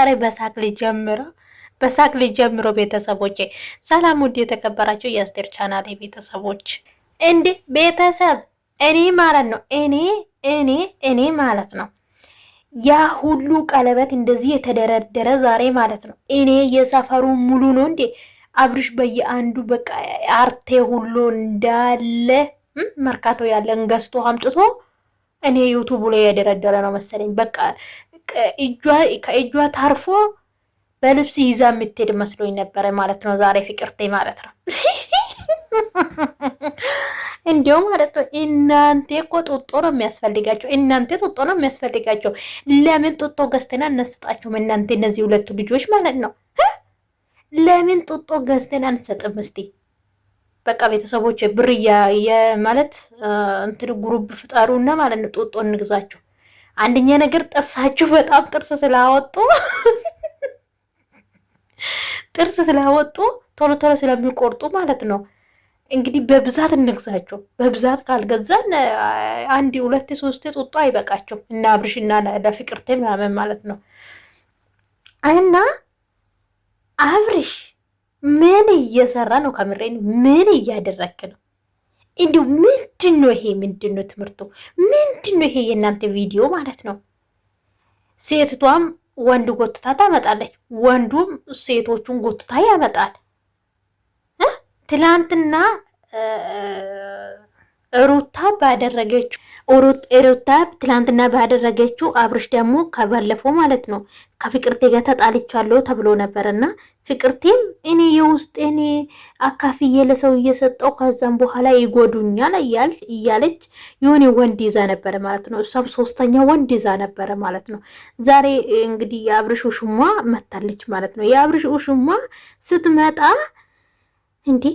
አረ በሳቅ ጀምሮ በሳቅ ሊጀምረው። ቤተሰቦቼ ሰላም፣ ውድ የተከበራችሁ የአስቴር ቻናል ቤተሰቦች፣ እንዴ ቤተሰብ እኔ ማለት ነው እኔ እኔ እኔ ማለት ነው ያ ሁሉ ቀለበት እንደዚህ የተደረደረ ዛሬ ማለት ነው እኔ የሰፈሩ ሙሉ ነው እንዴ አብርሽ በየአንዱ በቃ አርቴ ሁሉ እንዳለ መርካቶ ያለን ገዝቶ አምጥቶ እኔ ዩቱብ ላይ የደረደረ ነው መሰለኝ። በቃ ከእጇ ታርፎ በልብስ ይዛ የምትሄድ መስሎኝ ነበረ ማለት ነው። ዛሬ ፍቅርቴ ማለት ነው እንዲሁ ማለት ነው። እናንተ እኮ ጡጦ ነው የሚያስፈልጋቸው። እናንተ ጡጦ ነው የሚያስፈልጋቸው። ለምን ጡጦ ገዝተን አናሰጣቸውም? እናንተ እነዚህ ሁለቱ ልጆች ማለት ነው። ለምን ጡጦ ገዝተን አንሰጥም? እስቲ በቃ ቤተሰቦች ብር ማለት እንትን ጉሩብ ፍጠሩና ማለት ነው ጡጦ እንግዛቸው። አንደኛ ነገር ጥርሳችሁ በጣም ጥርስ ስላወጡ ጥርስ ስላወጡ ቶሎ ቶሎ ስለሚቆርጡ ማለት ነው። እንግዲህ በብዛት እንግዛቸው። በብዛት ካልገዛን አንድ ሁለት ሶስት ጡጦ አይበቃቸው እና አብርሽና ለፍቅርቴ ምናምን ማለት ነው። እና አብርሽ ምን እየሰራ ነው? ከምሬን ምን እያደረክ ነው? እንዲሁ ምንድን ነው ይሄ? ምንድን ነው ትምህርቱ? ምንድን ነው ይሄ የእናንተ ቪዲዮ ማለት ነው? ሴትቷም ወንድ ጎትታ ታመጣለች፣ ወንዱም ሴቶቹን ጎትታ ያመጣል። ትላንትና ሩታ ባደረገችው ሩታ ትላንትና ባደረገችው አብርሽ ደግሞ ከባለፈው ማለት ነው ከፍቅርቴ ጋር ተጣልቻለሁ ተብሎ ነበር እና ፍቅርቴም እኔ የውስጥ እኔ አካፍዬ ለሰው እየሰጠው ከዛም በኋላ ይጎዱኛል እያል እያለች የሆነ ወንድ ይዛ ነበረ ማለት ነው። እሷም ሶስተኛ ወንድ ይዛ ነበረ ማለት ነው። ዛሬ እንግዲህ የአብርሽ ውሽማ መታለች ማለት ነው። የአብርሽ ውሽማ ስትመጣ እንዲህ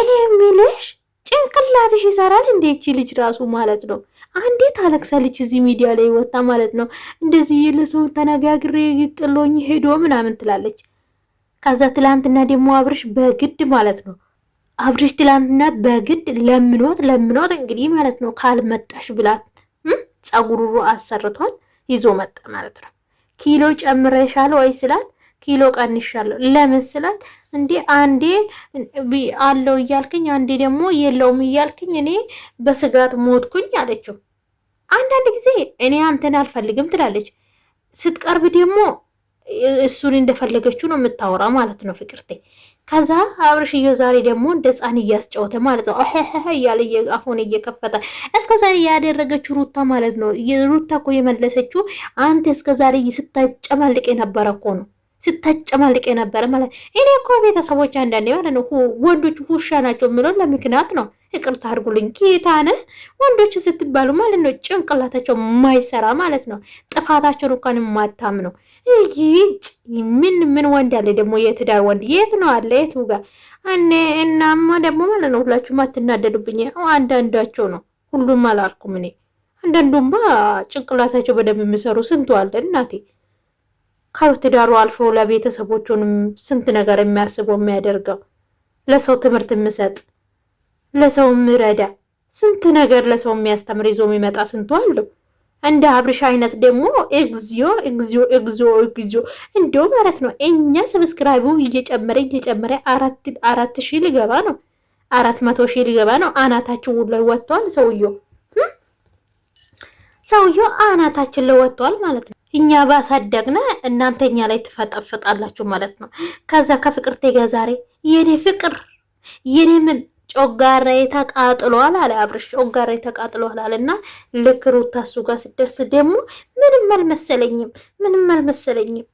እኔ የሚልሽ ጭንቅላትሽ ይሰራል። እንዴች ልጅ ራሱ ማለት ነው አንዴት ታለቅሳለች፣ እዚህ ሚዲያ ላይ ወጣ ማለት ነው። እንደዚህ ለሰው ተነጋግሬ ጥሎኝ ሄዶ ምናምን ትላለች። ከዛ ትላንትና ደግሞ አብርሽ በግድ ማለት ነው አብርሽ ትላንትና በግድ ለምኖት ለምኖት እንግዲህ ማለት ነው ካልመጣሽ ብላት ጸጉሩሩ አሰርቷት ይዞ መጣ ማለት ነው። ኪሎ ጨምረሻል ወይ ስላት ኪሎ ቀንሻለሁ። ለምን ስላት እንዴ አንዴ አለው እያልክኝ አንዴ ደግሞ የለውም እያልክኝ እኔ በስጋት ሞትኩኝ አለችው። አንዳንድ ጊዜ እኔ አንተን አልፈልግም ትላለች። ስትቀርብ ደግሞ እሱን እንደፈለገችው ነው የምታወራ ማለት ነው ፍቅርቴ። ከዛ አብርሽዬ ዛሬ ደግሞ እንደ ሕፃን እያስጫወተ ማለት ነው እያለ አፉን እየከፈተ እስከ ዛሬ ያደረገችው ሩታ ማለት ነው። ሩታ እኮ የመለሰችው አንተ እስከ ዛሬ ስታጨማልቅ የነበረ እኮ ነው ስታጨማልቅ የነበረ ማለት እኔ እኮ ቤተሰቦች አንዳንዴ ማለት ነው ወንዶች ውሻ ናቸው የምለው ለምክንያት ነው። ይቅርታ አድርጉልኝ ጌታነ ወንዶች ስትባሉ ማለት ነው ጭንቅላታቸው ማይሰራ ማለት ነው። ጥፋታቸውን እንኳን ማታም ነው። ይህ ምን ምን ወንድ አለ ደግሞ የትዳር ወንድ የት ነው አለ የቱ ጋር እኔ እናማ ደግሞ ማለት ነው ሁላችሁም አትናደዱብኝ። አንዳንዳቸው ነው ሁሉም አላልኩም እኔ አንዳንዱም ጭንቅላታቸው በደንብ የሚሰሩ ስንቱ አለ እናቴ ከትዳሩ አልፎ ለቤተሰቦቹንም ስንት ነገር የሚያስበው የሚያደርገው ለሰው ትምህርት የምሰጥ ለሰው ምረዳ ስንት ነገር ለሰው የሚያስተምር ይዞ የሚመጣ ስንቱ አለው። እንደ አብርሽ አይነት ደግሞ እግዚኦ እግዚኦ እግዚኦ እግዚኦ እንዲሁ ማለት ነው። እኛ ሰብስክራይቡ እየጨመረ እየጨመረ አራት ሺህ ሊገባ ነው፣ አራት መቶ ሺህ ሊገባ ነው። አናታችን ላይ ወጥቷል። ሰውየው ሰውየው አናታችን ላይ ማለት ነው። እኛ ባሳደግነ እናንተ እኛ ላይ ትፈጠፍጣላችሁ ማለት ነው። ከዛ ከፍቅርቴ ጋ ዛሬ የኔ ፍቅር የኔ ምን ጮጋራዬ ተቃጥሏል አለ አብርሽ። ጮጋራዬ ተቃጥሏል አለ እና ልክ ሩታ እሱ ጋር ስደርስ ደግሞ ምንም አልመሰለኝም፣ ምንም አልመሰለኝም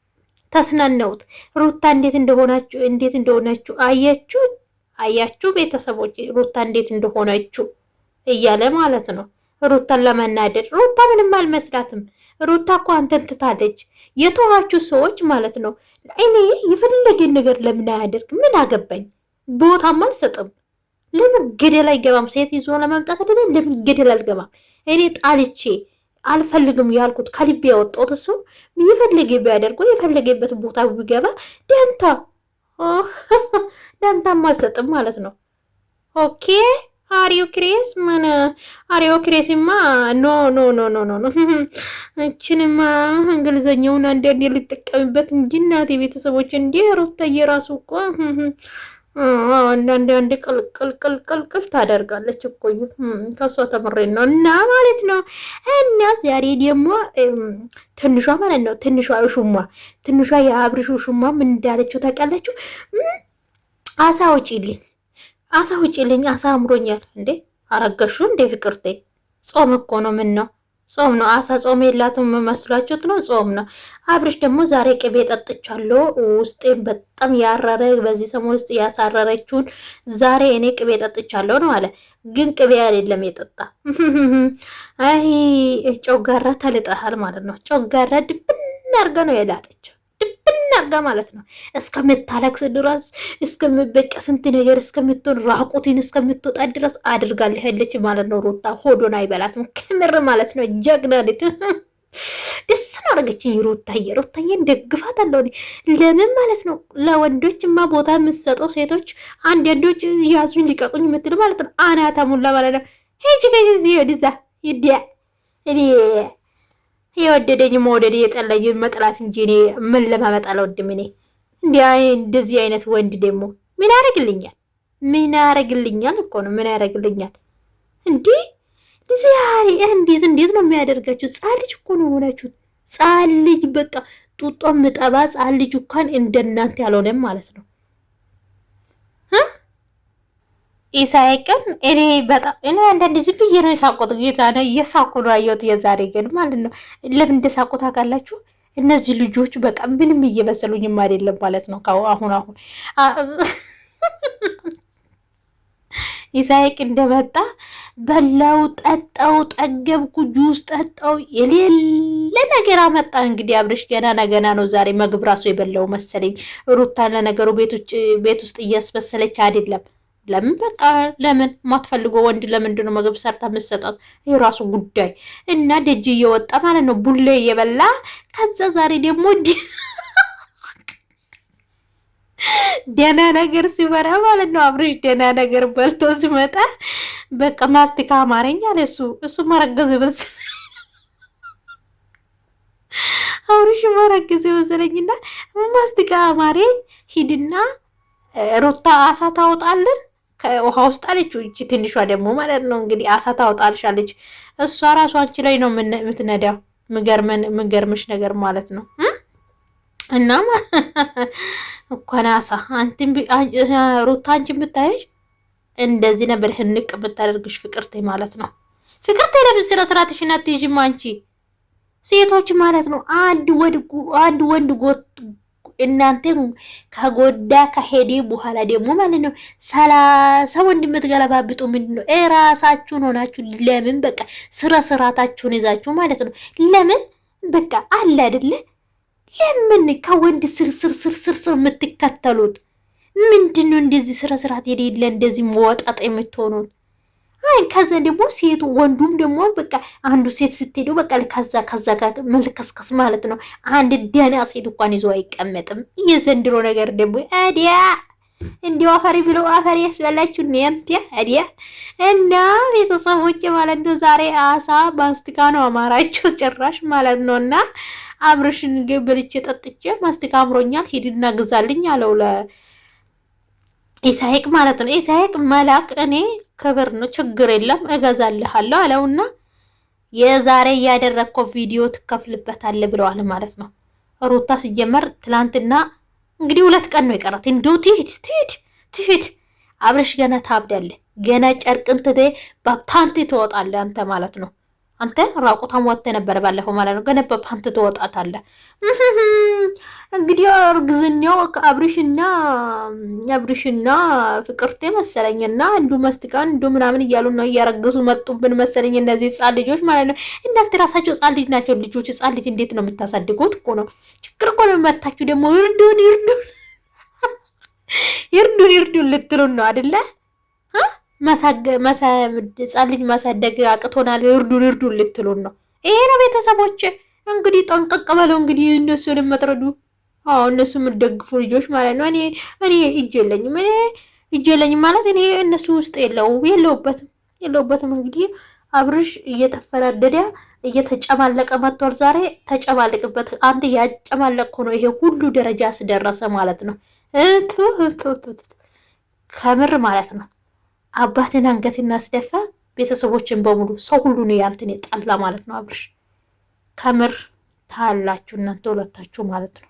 ተስናነውት ሩታ እንዴት እንደሆናችሁ እንዴት እንደሆናችሁ አያችሁ፣ አያችሁ ቤተሰቦች ሩታ እንዴት እንደሆናችሁ እያለ ማለት ነው ሩታን ለመናደድ ሩታ ምንም አልመስላትም። ሩታ እኮ አንተን ትታለች። የተዋችሁ ሰዎች ማለት ነው። እኔ የፈለገኝ ነገር ለምን አያደርግ? ምን አገባኝ? ቦታም አልሰጥም። ለምን ገደል አይገባም? ሴት ይዞ ለመምጣት አይደለ? ለምን ገደል አልገባም? እኔ ጣልቼ አልፈልግም ያልኩት ከልቤ ያወጣሁት ሰው የፈለገ ቢያደርገው የፈለገበት ቦታ ቢገባ ደንታ ደንታም አልሰጥም ማለት ነው። ኦኬ አሪዮክሬስ ምን አሪዮክሬስማ ኖ ኖ ኖ ኖ ኖ ኖ እችንማ እንግሊዘኛውን አንዳንዴ ልጠቀምበት እንጂ እናቴ ቤተሰቦች እንዴ ሩታዬ ራሱ እኮ አንዳንድ አንድ ቅልቅልቅልቅል ታደርጋለች እኮ ከሷ ተምሬ ነው እና ማለት ነው። እና ዛሬ ደግሞ ትንሿ ማለት ነው ትንሿ ሹማ ትንሿ የአብርሹ ሹማ ምን እንዳለችው ታውቃላችሁ? አሳ ውጪልኝ አሳ ውጭልኝ አሳ አምሮኛል። እንዴ አረገሹ እንዴ ፍቅርቴ? ጾም እኮ ነው። ምን ነው ጾም ነው። አሳ ጾም የላትም መስሏችሁት ነው? ጾም ነው። አብርሽ ደግሞ ዛሬ ቅቤ ጠጥቻለሁ። ውስጤን በጣም ያረረ በዚህ ሰሞን ውስጥ ያሳረረችውን ዛሬ እኔ ቅቤ ጠጥቻለሁ ነው አለ። ግን ቅቤ አይደለም የጠጣ። አይ ጮጋራ ተልጠሃል ማለት ነው። ጮጋራ ድብን አድርገ ነው የላጠችው። አርጋ ማለት ነው እስከምታለቅስ ድረስ እስከምበቃ ስንት ነገር እስከምትሆን ራቁቲን እስከምትወጣ ድረስ አድርጋልህለች ማለት ነው። ሩታ ሆዶን አይበላትም ክምር ማለት ነው። ጀግናልት ደስ ነው አደረገችኝ ሩታዬ። ሩታዬን ደግፋት አለው። ለምን ማለት ነው ለወንዶችማ ቦታ የምትሰጠው ሴቶች አንዳንዶች ያዙኝ ሊቀቁኝ የምትል ማለት ነው። አናታሙላ ማለት ነው ሄጅ ከዚህ ወዲዛ ይዲያ እኔ የወደደኝ መወደድ የጠላኝ መጥላት እንጂ እኔ ምን ለማመጣ ለወድም እኔ እንደዚህ አይነት ወንድ ደግሞ ምን ያደርግልኛል? ምን ያደርግልኛል እኮ ነው። ምን ያደርግልኛል? እንዲህ ዛሬ እንዴት እንዴት ነው የሚያደርጋችሁ? ጻ ልጅ እኮ ነው የሆናችሁት። ጻ ልጅ በቃ ጡጦ ምጠባ ጻ ልጅ እንኳን እንደናንተ ያልሆነም ማለት ነው። ኢሳይቅም እኔ በጣም እኔ አንዳንድ ዝም ብዬ ነው የሳቁት። ጌታ ነው እየሳቁ ነው አየሁት። የዛሬ ግን ማለት ነው ለምን እንደሳቁ ታውቃላችሁ? እነዚህ ልጆች በቃ ምንም እየመሰሉኝም አይደለም ማለት ነው። አሁን አሁን ኢሳይቅ እንደመጣ በላው፣ ጠጣው፣ ጠገብኩ፣ ጁስ ጠጣው፣ የሌለ ነገር አመጣ። እንግዲህ አብርሽ ገና ነገና ነው ዛሬ መግብ ራሱ የበላው መሰለኝ። ሩታን ለነገሩ ቤት ውስጥ እያስበሰለች አይደለም ለምን በቃ ለምን ማትፈልጎ ወንድ ለምንድን ነው ምግብ ሰርታ የምትሰጣት? የራሱ ጉዳይ እና ደጅ እየወጣ ማለት ነው ቡሌ እየበላ ከዛ ዛሬ ደግሞ ደና ነገር ሲበራ ማለት ነው አብርሽ ደና ነገር በልቶ ሲመጣ በቃ ማስቲካ አማረኝ አለ። እሱ እሱ መረገዝ ይመስል አብርሽ መረገዝ ይመስለኝና ማስቲካ አማሬ ሂድና ሩታ አሳ ታወጣለን ከውሃ ውስጥ አለች እቺ ትንሿ ደግሞ ማለት ነው እንግዲህ አሳ ታወጣልሻለች። እሷ ራሷ አንቺ ላይ ነው የምትነዳው። ምገርምሽ ነገር ማለት ነው። እናም እኳን አሳ ሩታ አንቺን ብታየሽ እንደዚህ ነበር ህንቅ ብታደርግሽ ፍቅርቴ ማለት ነው። ፍቅርቴ ለምን ስነ ስርዓትሽን አትይዥም አንቺ? ሴቶች ማለት ነው አንድ ወንድ ጎት እናንተ ከጎዳ ከሄዴ በኋላ ደግሞ ማለት ነው ሰላሳ ወንድ የምትገለባብጡ ምንድን ነው? የራሳችሁን ሆናችሁ ለምን በቃ ስራ ይዛችሁ ማለት ነው ለምን በቃ አለ አይደለ? ለምን ከወንድ ስርስር ስር ስር የምትከተሉት ምንድን ነው? እንደዚህ ስራ ስርዓት የሌለ እንደዚህ መወጣጥ የምትሆኑት አይ ከዛ ደግሞ ሴቱ ወንዱም ደግሞ በቃ አንዱ ሴት ስትሄዱ በቃ ከዛ ከዛ ጋር መልከስከስ ማለት ነው። አንድ ደህና ሴት እንኳን ይዞ አይቀመጥም። የዘንድሮ ነገር ደግሞ አዲያ እንዲሁ አፈሪ ብሎ አፈሪ ያስበላችሁ ነምቲያ አዲያ እና ቤተሰቦች ማለት ነው። ዛሬ አሳ ማስቲካ ነው አማራቸው ጭራሽ ማለት ነው። እና አምርሽን በልቼ ጠጥቼ ማስቲካ አምሮኛል ሂድና ግዛልኝ አለው ለ ኢሳይቅ ማለት ነው። ኢሳይቅ መላክ እኔ ክብር ነው፣ ችግር የለም እገዛልሃለሁ አለውና የዛሬ ያደረግከው ቪዲዮ ትከፍልበታለህ ብለዋል ማለት ነው። ሩታ ሲጀመር ትላንትና እንግዲህ ሁለት ቀን ነው የቀራት። እንዲሁ ትሂድ ትሂድ ትሂድ አብረሽ ገና ታብዳለህ። ገና ጨርቅን ትቴ በፓንቲ ትወጣለህ አንተ ማለት ነው። አንተ ራቁታም ወጥተህ ነበር ባለፈው ማለት ነው። ገነበ ፓንት አለ እንግዲህ እርግዝናው አብርሽና አብርሽና ፍቅርቴ መሰለኝና እንዱ መስትቃን እንዱ ምናምን እያሉ ነው እያረገዙ መጡብን መሰለኝ እነዚህ ህጻን ልጆች ማለት ነው። እናንተ ራሳቸው ህጻን ልጅ ናቸው ልጆች። ህጻን ልጅ እንዴት ነው የምታሳድጉት? እኮ ነው ችግር እኮ ነው መታችሁ ደግሞ። ይርዱን ይርዱን ይርዱን ይርዱን ልትሉን ነው አደለ? ጻልኝ ማሳደግ አቅቶናል፣ እርዱን እርዱን ልትሉን ነው። ይሄ ነው ቤተሰቦች። እንግዲህ ጠንቀቅ በለው እንግዲህ እነሱን የምትረዱ እነሱ የምትደግፉ ልጆች ማለት ነው። እኔ እኔ እጅ የለኝም እኔ እጅ የለኝም ማለት እኔ እነሱ ውስጥ የለው የለውበትም የለውበትም። እንግዲህ አብርሽ እየተፈራደደ እየተጨማለቀ መጥቷል። ዛሬ ተጨማልቅበት አንድ ያጨማለቅ ሆኖ ይሄ ሁሉ ደረጃ ስደረሰ ማለት ነው። ከምር ማለት ነው። አባትን አንገት እናስደፋ ቤተሰቦችን በሙሉ ሰው ሁሉ ነው ያንተን የጠላ ማለት ነው። አብርሽ ከምር ታላችሁ እናንተ ሁለታችሁ ማለት ነው።